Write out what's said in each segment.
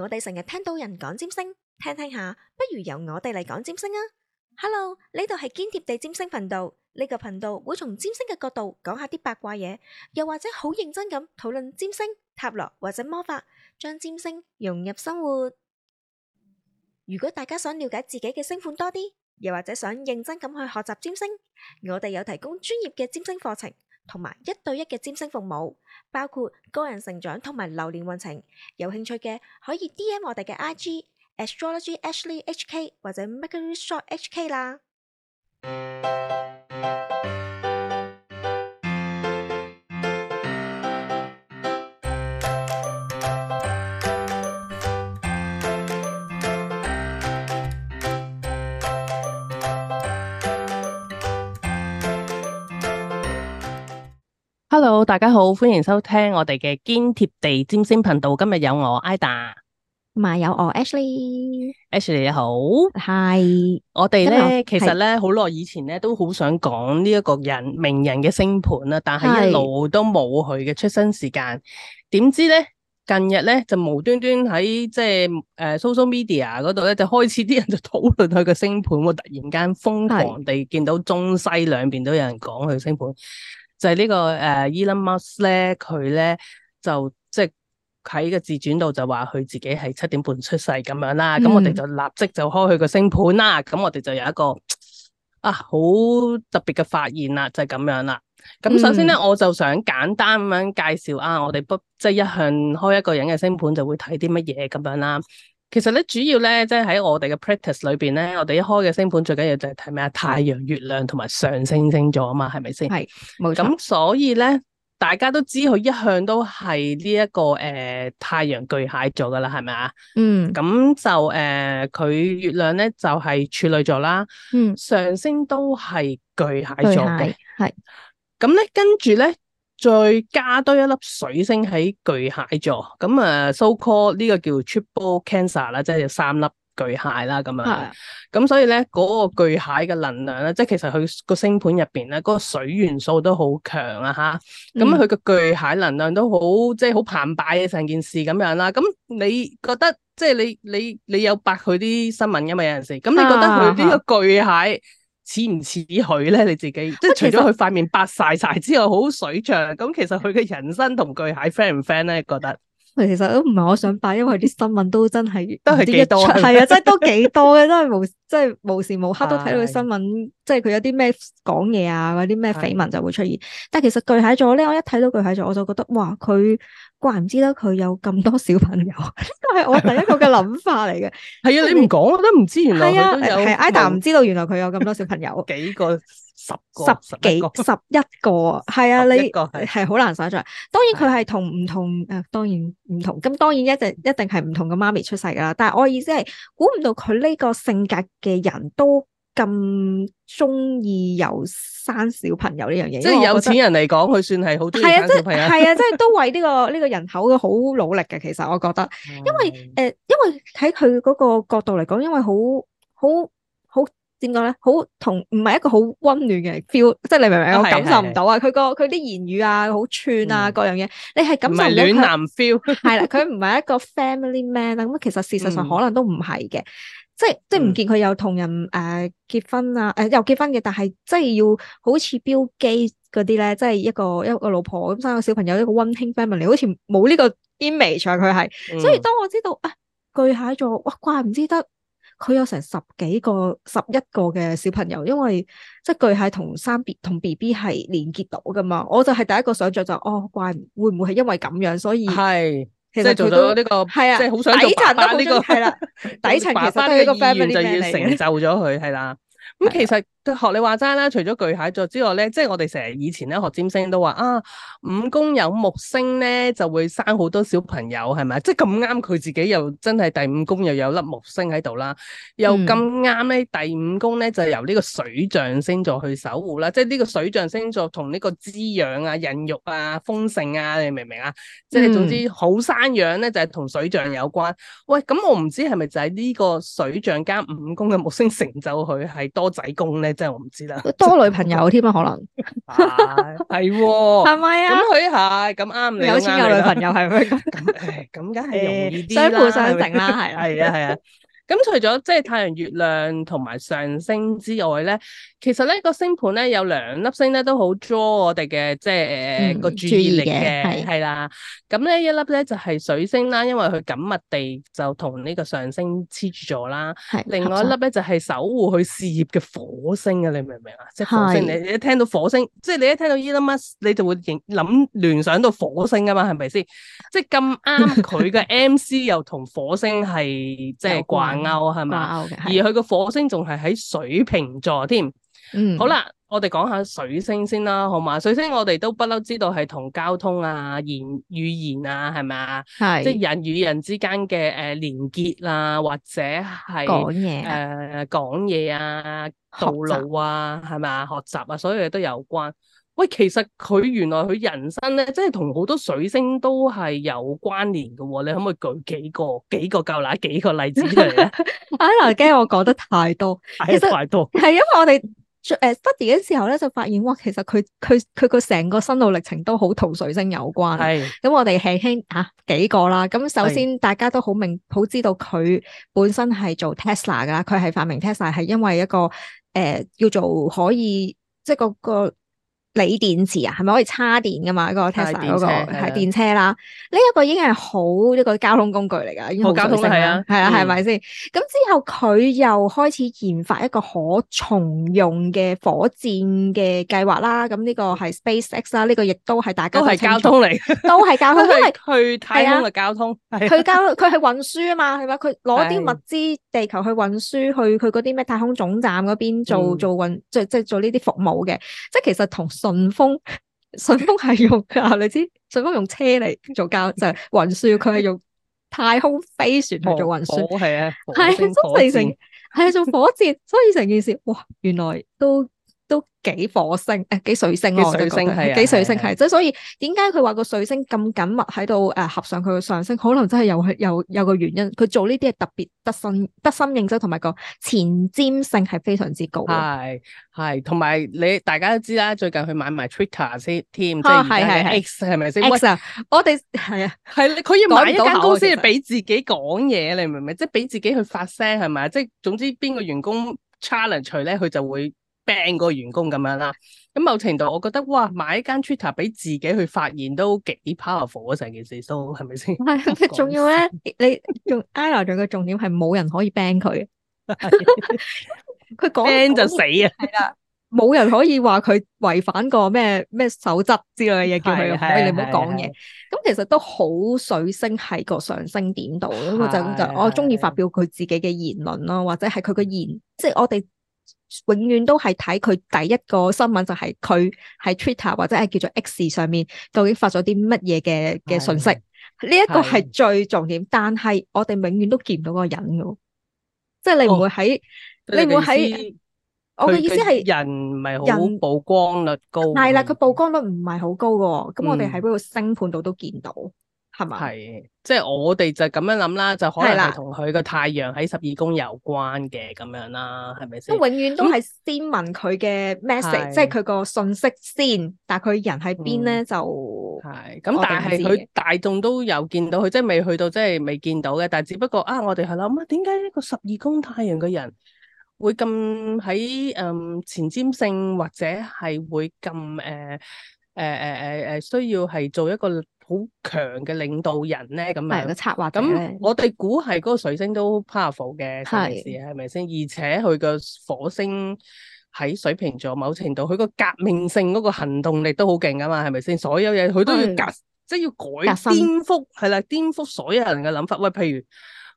我哋成日聽到人講占星，聽聽下，不如由我哋嚟講占星啊！Hello，呢度係堅貼地占星頻道，呢個頻道會從占星嘅角度講下啲八卦嘢，又或者好認真咁討論占星、塔羅或者魔法，將占星融入生活。如果大家想了解自己嘅星盤多啲，又或者想認真咁去學習占星，我哋有提供專業嘅占星課程。同埋一對一嘅占星服務，包括個人成長同埋流年運程。有興趣嘅可以 DM 我哋嘅 IG Astrology Ashley HK 或者 Mercury Shop HK 啦。Hello，大家好，歡迎收聽我哋嘅堅貼地占星頻道。今日有我 Ida，同埋有我 Ashley，Ashley Ashley，你好，Hi。是我哋咧其實咧好耐以前咧都好想講呢一個人名人嘅星盤啦，但係一路都冇佢嘅出生時間。點是知咧近日咧就無端端喺即係誒 social media 嗰度咧就開始啲人就討論佢嘅星盤，我突然間瘋狂地見到中西兩邊都有人講佢星盤。是 就係、e、呢個誒，Elon Musk 咧，佢咧就即係喺個自傳度就話佢自己係七點半出世咁樣啦。咁、嗯、我哋就立即就開佢個星盤啦。咁我哋就有一個啊好特別嘅發現啦，就係、是、咁樣啦。咁首先咧，我就想簡單咁樣介紹啊，嗯、我哋不即係、就是、一向開一個人嘅星盤就會睇啲乜嘢咁樣啦。其實咧，主要咧，即係喺我哋嘅 practice 裏邊咧，我哋一開嘅星盤最緊要就係睇咩啊？太陽、月亮同埋上升星、星座啊嘛，係咪先？係，冇錯。咁所以咧，大家都知佢一向都係呢一個誒、呃、太陽巨蟹座噶啦，係咪啊？嗯。咁就誒，佢、呃、月亮咧就係、是、處女座啦。嗯。上升都係巨蟹座嘅。係。咁咧，跟住咧。再加多一粒水星喺巨蟹座，咁啊，so called 呢個叫 triple cancer 啦，即係有三粒巨蟹啦，咁樣。咁的所以咧，嗰、那個巨蟹嘅能量咧，即係其實佢個星盤入邊咧，嗰、那個水元素都好強啊，吓。咁佢個巨蟹能量都好，即係好澎湃嘅成件事咁樣啦。咁你覺得，即係你你你有八佢啲新聞噶嘛？有陣時，咁你覺得佢呢個巨蟹？啊啊似唔似佢咧？你自己即係除咗佢塊面白晒晒之外，好水仗咁，其實佢嘅人生同巨蟹 friend 唔 friend 咧？你覺得？其實都唔係我想擺，因為啲新聞都真係都啲幾多，吧、啊、多，係啊，真係都幾多嘅，都係無，即係無時無刻都睇到新聞，的即係佢有啲咩講嘢啊，或者啲咩緋聞就會出現。的但係其實巨蟹座咧，我一睇到巨蟹座，我就覺得哇，佢怪唔知得佢有咁多小朋友，呢個係我第一個嘅諗法嚟嘅。係吧以啊，以你唔講我都唔知原來係啊，係 Ida 唔知道原來佢有咁多小朋友， 幾個。十十幾十一個，係啊，你係好難想象的、啊。當然佢係同唔同誒，當然唔同。咁當然一定一定係唔同嘅媽咪出世噶啦。但係我意思係，估唔到佢呢個性格嘅人都咁中意由生小朋友呢樣嘢。即係有錢人嚟講，佢算係好中意生小朋友。係啊，即係都為呢、這個呢、這個人口嘅好努力嘅。其實我覺得，因為誒的、呃，因為喺佢嗰個角度嚟講，因為好好好。點講咧，好同唔係一個好温暖嘅 feel，即係你明唔明、哦、我感受唔到啊，佢個佢啲言語啊，好串啊，嗯、各樣嘢，你係感受唔到。唔係暖男 feel，係啦，佢唔係一個 family man 啦、啊。咁其實事實上可能都唔係嘅，即係即係唔見佢又同人誒、呃、結婚啊，誒、呃、又結婚嘅，但係即係要好似 Bill Gates 嗰啲咧，即係一個一個老婆咁生個小朋友一個温馨 family 嚟，好似冇呢個 image 佢、啊、係。嗯、所以當我知道啊，巨蟹座哇,哇，怪唔之得。佢有成十幾個、十一個嘅小朋友，因為即係巨蟹同三同 B B 係連結到噶嘛，我就係第一個想象就是、哦，怪唔會唔會係因為咁樣，所以係，即係做到呢、這個，係啊，即係好想做爸爸、這個、底層都呢個係啦，底層 family 就要成就咗佢係啦，咁其實。學你話齋啦，除咗巨蟹座之外咧，即係我哋成日以前咧學占星都話啊，五宮有木星咧就會生好多小朋友係咪？即係咁啱佢自己又真係第五宮又有粒木星喺度啦，又咁啱咧第五宮咧就由呢個水象星座去守護啦。即係呢個水象星座同呢個滋養啊、孕育啊、豐盛啊，你明唔明啊？嗯、即係總之好生養咧就係、是、同水象有關。喂，咁我唔知係咪就係呢個水象加五宮嘅木星成就佢係多仔公咧？即係我唔知啦，多女朋友添 啊，可能係係咪啊？咁佢係咁啱有錢有女朋友係咪？咁咁梗係相輔相成啦，係啊係啊。咁除咗即係太陽、月亮同埋上升之外咧，其實咧個星盤咧有兩粒星咧都好 draw 我哋嘅即係誒個注意力嘅係啦。咁咧一粒咧就係水星啦，因為佢緊密地就同呢個上升黐住咗啦。係，另外一粒咧就係守護佢事業嘅火星啊！你明唔明啊？即係火星，你你一聽到火星，即係你一聽到呢粒乜，你就會諗聯想到火星啊嘛？係咪先？即係咁啱佢嘅 MC 又同火星係即係關。係嘛，而佢個火星仲係喺水瓶座添。嗯，好啦，我哋講下水星先啦，好嘛？水星我哋都不嬲知道係同交通啊、言語言啊，係嘛？係是即係人與人之間嘅誒連結啊，或者係講嘢誒講嘢啊，道路啊，係嘛習？學習啊，所有嘢都有關。喂，其實佢原來佢人生咧，即係同好多水星都係有關聯嘅喎。你可唔可以舉幾個幾個夠嗱幾個例子嚟咧？ i l 驚我講得太多， 其實係因為我哋誒 study 嘅時候咧，就發現哇，其實佢佢佢佢成個身路歷程都好同水星有關。係咁是，我哋輕輕嚇幾個啦。咁首先大家都好明是好知道佢本身係做 Tesla 㗎。佢係發明 Tesla 係因為一個誒叫、呃呃、做可以即係嗰個。個個鋰電池啊，係咪可以叉電㗎嘛？嗰個 Tesla 嗰個係電車啦，呢、這、一個已經係好一、這個交通工具嚟㗎，好交通係啊，係啊，係咪先？咁之後佢又開始研發一個可重用嘅火箭嘅計劃啦。咁、這、呢個係 SpaceX 啦，呢個亦都係大家都係交通嚟，都係交通，都係 去太空嘅交通。佢、啊啊、交佢係運輸啊嘛，係咪？佢攞啲物資地球去運輸去佢嗰啲咩太空總站嗰邊做、嗯、做，做，做運，即係即係做呢啲服務嘅。即係其實同。順豐，順豐係用啊，你知順豐用車嚟做交就係運輸，佢係用太空飛船去做運輸，係啊，係啊，做、啊啊啊、火箭，所以成件事哇，原來都。都幾火星，誒幾水星咯，幾水星係幾水星係，即係所以點解佢話個水星咁緊密喺度誒合上佢嘅上升，可能真係有去有有個原因。佢做呢啲係特別得心得心應手，同埋個前瞻性係非常之高。係係，同埋你大家都知啦，最近佢買埋 Twitter 先，添即係而家係 X 係咪先？X 我哋係啊，係佢要買一間公司嚟俾自己講嘢，你明唔明？即係俾自己去發聲係咪？即係總之邊個員工 challenge 除咧，佢就會。ban 個員工咁樣啦，咁某程度我覺得哇，買一間 Twitter 俾自己去發言都幾 powerful 啊！成件事都係咪先？係，仲要咧，你用 Ida 仲個重點係冇人可以 ban 佢，佢 講說 就死啊！係啦，冇 人可以話佢違反個咩咩守則之類嘅嘢，叫佢，所 你唔好講嘢。咁其實都好水星喺個上升點度，咁就就是、我中意發表佢自己嘅言論咯，或者係佢嘅言，即係、就是、我哋。永遠都係睇佢第一個新聞，就係、是、佢喺 Twitter 或者係叫做 X 上面，究竟發咗啲乜嘢嘅嘅信息？呢一的個係最重點，的但係我哋永遠都見唔到個人嘅，即係你唔會喺，哦、你唔會喺？我嘅意思係他人唔係好曝光率高，係啦人，佢曝光率唔係好高嘅，咁、嗯、我哋喺嗰個星判度都見到。係，即係我哋就咁樣諗啦，就可能係同佢個太陽喺十二宮有關嘅咁樣啦，係咪先？吧永遠都係先問佢嘅 message，即係佢個信息先，但係佢人喺邊咧就係咁。但係佢大眾都有見到佢，即係未去到，即係未見到嘅。但係只不過啊，我哋係諗啊，點解呢個十二宮太陽嘅人會咁喺誒前瞻性，或者係會咁誒誒誒誒誒需要係做一個。好強嘅領導人咧，咁啊，策劃咁，我哋估係嗰個水星都 powerful 嘅事，係咪先？而且佢個火星喺水瓶座，某程度佢個革命性嗰個行動力都好勁噶嘛，係咪先？所有嘢，佢都要革，即係要改顛覆，係啦，顛覆所有人嘅諗法。喂，譬如。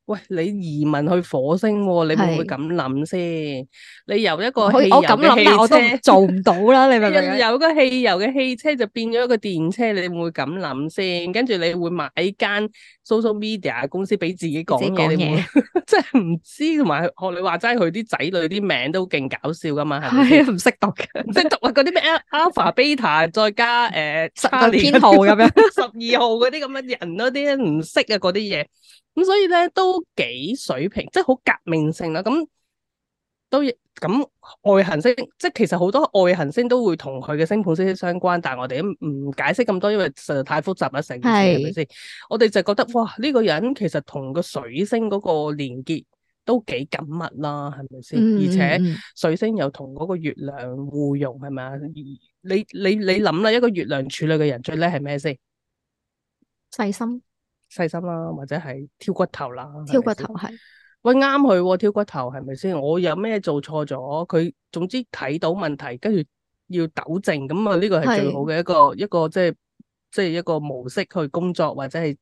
喂，你移民去火星，你會唔會咁諗先？是你由一個汽油嘅汽車我我我都做唔到啦，你明唔明？ 由一個汽油嘅汽車就變咗一個電車，你會唔會咁諗先？跟住你會買間 social media 公司俾自己講嘢，你會即係唔知？同埋學你話齋，佢啲仔女啲名都勁搞笑噶嘛？係啊，唔識讀嘅，唔 識讀啊嗰啲咩 Alpha Beta，再加誒，編、呃、年 號咁樣，十二 號嗰啲咁嘅人嗰啲唔識啊嗰啲嘢。咁所以咧都幾水平，即係好革命性啦。咁都咁外行星，即係其實好多外行星都會同佢嘅星盤息息相關。但係我哋都唔解釋咁多，因為實在太複雜啦。成件事係咪先？我哋就覺得哇，呢個人其實同個水星嗰個連結都幾緊密啦，係咪先？而且水星又同嗰個月亮互融，係咪啊？你你你諗啦，一個月亮處女嘅人最叻係咩先？細心。細心啦，或者係挑骨頭啦。挑骨頭係，喂啱佢，挑骨頭係咪先？我有咩做錯咗？佢總之睇到問題，跟住要糾正，咁啊呢個係最好嘅一個是一個，一個即係即係一個模式去工作或者係。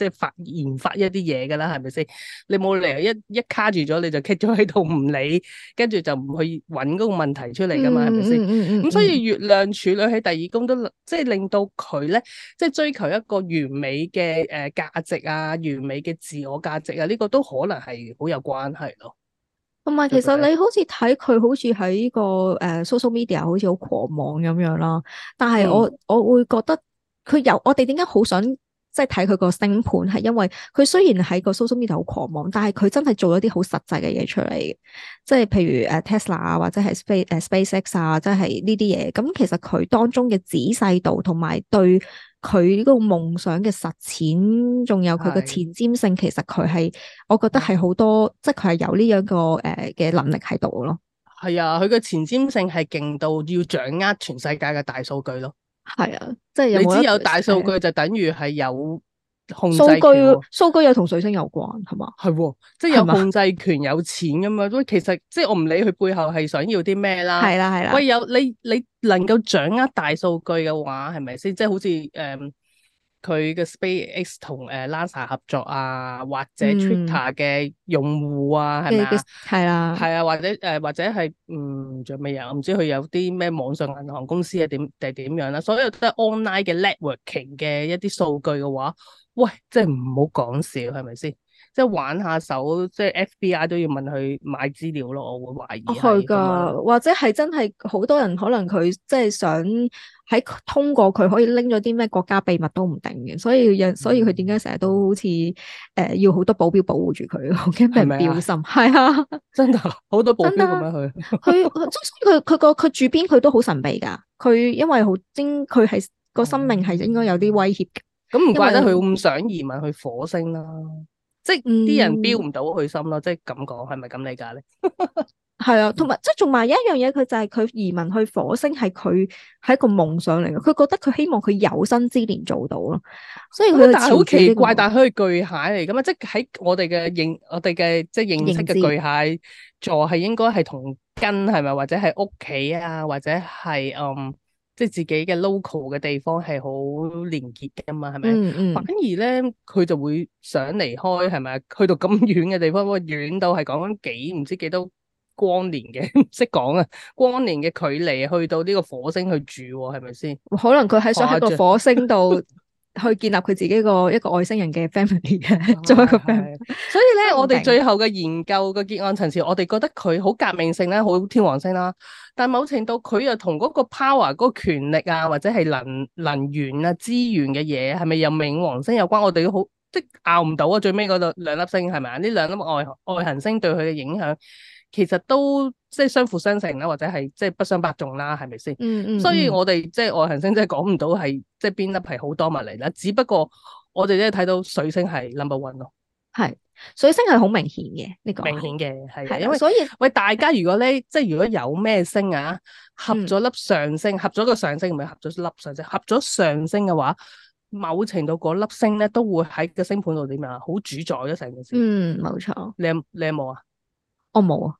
即係發研發一啲嘢噶啦，係咪先？你冇理由，一一卡住咗，你就棘咗喺度唔理，跟住就唔去揾嗰個問題出嚟噶嘛？係咪先？咁吧、嗯、所以月亮處女喺第二宮都即係令到佢咧，即係追求一個完美嘅誒價值啊，完美嘅自我價值啊，呢、這個都可能係好有關係咯。同埋，其實你好似睇佢好似喺呢個誒 social media 好似好狂妄咁樣啦，但係我、嗯、我會覺得佢由我哋點解好想？即係睇佢個星盤，係因為佢雖然喺個 social media 好狂妄，但係佢真係做咗啲好實際嘅嘢出嚟。即係譬如誒 Tesla 啊，或者係 Space 誒 SpaceX 啊，即係呢啲嘢。咁其實佢當中嘅仔細度，同埋對佢呢個夢想嘅實踐，仲有佢個前瞻性，的其實佢係，我覺得係好多，的即係佢係有呢樣個誒嘅能力喺度咯。係啊，佢個前瞻性係勁到要掌握全世界嘅大數據咯。係啊，即係你知有大數據就等於係有控制權啊。數據數據又同水星有關，係嘛？係、啊、即係有控制權，有錢咁樣。喂吧，其實即係我唔理佢背後係想要啲咩啦。係啦係啦。啊、喂，有你你能夠掌握大數據嘅話，係咪先？即係好似誒。嗯佢嘅 SpaceX 同誒 Lanza、er、合作啊，或者 Twitter 嘅用戶啊，係咪啊？係啊，或者誒、呃，或者係嗯，仲有乜嘢啊？唔知佢有啲咩網上銀行公司啊，點定係點樣啦？所有都係 online 嘅 networking 嘅一啲數據嘅話，喂，即係唔好講笑係咪先？即係玩下手，即係 FBI 都要問佢買資料咯。我會懷疑係噶，哦、是是或者係真係好多人可能佢即係想喺通過佢可以拎咗啲咩國家秘密都唔定嘅。所以所以佢點解成日都好似誒、呃、要好多保鏢保護住佢？驚俾人表心係啊！真係好多保鏢咁樣去。佢他，佢佢個佢住邊佢都好神秘噶。佢因為好精，佢係個生命係應該有啲威脅嘅。咁唔為怪得佢咁想移民去火星啦。即係啲人標唔到佢心咯，即係咁講，係咪咁理解咧？係 啊，同埋即係仲埋有一樣嘢，佢就係佢移民去火星係佢係一個夢想嚟嘅，佢覺得佢希望佢有生之年做到咯。所以佢好奇怪，但係佢係巨蟹嚟噶嘛？即係喺我哋嘅認，我哋嘅即係認識嘅巨蟹座係應該係同根係咪？或者係屋企啊，或者係嗯。即係自己嘅 local 嘅地方係好連結嘅嘛，係咪？嗯嗯、反而咧，佢就會想離開，係咪？去到咁遠嘅地方，喂，遠到係講緊幾唔知幾多光年嘅，唔識講啊！光年嘅距離去到呢個火星去住，係咪先？可能佢喺想喺個火星度。 去建立佢自己一個一個外星人嘅 family 嘅、哦，做一個 family 的。 所以咧，我哋最後嘅研究嘅結案陳詞，我哋覺得佢好革命性啦，好天王星啦。但係某程度佢又同嗰個 power、嗰、嗰個權力啊，或者係能能源啊、資源嘅嘢，係咪又冥王星有關？我哋都好即拗唔到啊！最尾嗰兩兩粒星係咪啊？呢兩粒外外行星對佢嘅影響。其實都即係相輔相成啦，或者係即係不相伯仲啦，係咪先？嗯嗯、mm。Hmm. 所以我哋即係外行星真，即係講唔到係即係邊粒係好多物嚟啦。只不過我哋只係睇到水星係 number one 咯。係水星係好明顯嘅呢個明顯嘅係，因為所以喂大家如果咧，即係如果有咩星啊，合咗粒上升，mm hmm.，合咗個上升，唔係合咗粒上升，合咗上升嘅話，某程度嗰粒星咧都會喺個星盤度點樣啊，好主宰咗成件事。嗯、mm,，冇錯。你有你有冇啊？我冇，啊，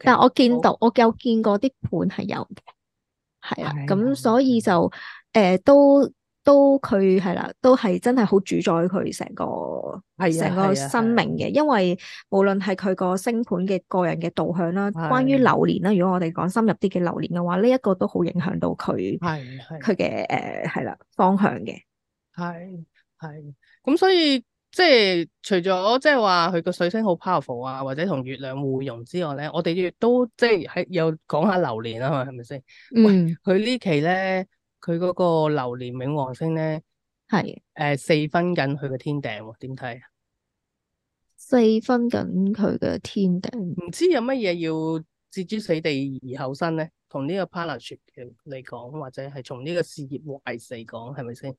但係我見到好我有見過啲盤係有嘅，係啊，咁、哎、呀 所以就誒都都佢係啦，都係真係好主宰佢成個係成個生命嘅，因為無論係佢個星盤嘅個人嘅導向啦，關於流年啦，如果我哋講深入啲嘅流年嘅話，呢、這、一個都好影響到佢係佢嘅誒係啦方向嘅，係係咁所以。即係除咗即係話佢個水星好 powerful 啊，或者同月亮互融之外咧，我哋亦都即係有講下流年啊嘛，係咪先？嗯。佢呢期咧，佢嗰個流年冥王星咧，係誒四分緊佢個天頂，點睇、呃？四分緊佢嘅天頂，唔知有乜嘢要置之死地而後生咧？同呢個 parachute 嚟講，或者係從呢個事業壞勢嚟講，係咪先？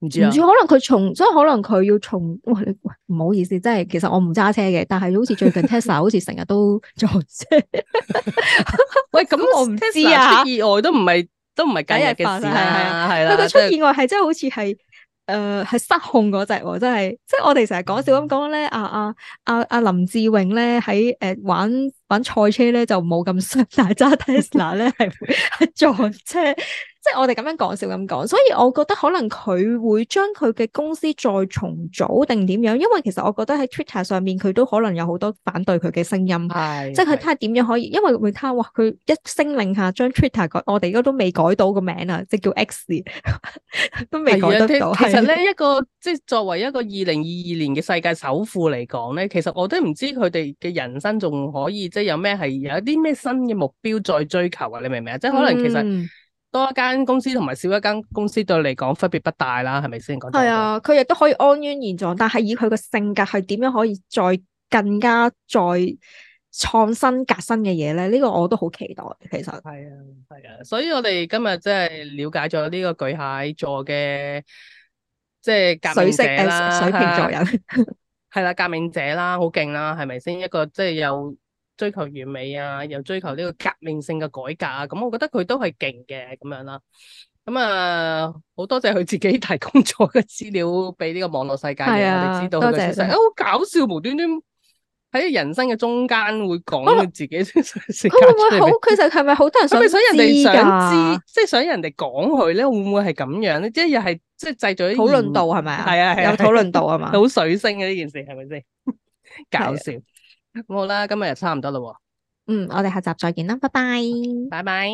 唔知啊，唔知可能佢從，即係可能佢要從。喂，唔好意思，即係，其實我唔揸車嘅，但係好似最近 Tesla 好似成日都撞車。 喂，咁我唔知啊，意外都唔係都唔係幾日嘅事啊，係啦吧。佢佢出意外係真係好似係誒係失控嗰隻，即係即係我哋成日講笑咁講咧。阿阿阿阿林志穎咧喺誒玩玩賽車咧就冇咁衰， 但係揸 Tesla 咧係係撞車。 即係我哋咁樣講笑咁講，所以我覺得可能佢會將佢嘅公司再重組定點樣？因為其實我覺得喺 Twitter 上面，佢都可能有好多反對佢嘅聲音。係是，即係佢睇下點樣可以，因為佢睇下哇，佢一聲令下將 Twitter 改，我哋而家都未改到個名啊，即係叫 X， 都未改得到。啊啊，其實咧， 一個即係作為一個二零二二年嘅世界首富嚟講咧，其實我都唔知佢哋嘅人生仲可以即係有咩係有啲咩新嘅目標再追求啊？你明唔明啊？即係可能其實。嗯多一間公司同埋少一間公司對你嚟講分別不大啦，係咪先？係啊，佢亦都可以安於現狀，但係以佢個性格係點樣可以再更加再創新革新嘅嘢咧？呢個我都好期待。其實係啊，係啊，啊，所以我哋今日即係了解咗呢個巨蟹座嘅即係革命者水、呃、水瓶座人係啦、啊啊，革命者啦，好勁啦，係咪先？一個即係有。追求完美啊，又追求呢個革命性嘅改革啊，咁、嗯、我覺得佢都係勁嘅咁樣啦。咁啊，好、嗯、多謝佢自己提供咗嘅資料俾呢個網絡世界嘅、啊、我哋知道多事謝實。啊、好搞笑，無端端喺人生嘅中間會講佢自己。佢我 會唔會好？其實係咪好多人想知，想人想知？即係想人哋講佢咧？會唔會係咁樣咧？即係又係即係製造討論度係咪啊？係啊， 有討論度啊嘛。好水星嘅呢件事係咪先？搞笑。， 咁好啦，今日又差唔多喇，嗯，我哋下集再見啦，拜拜，拜拜。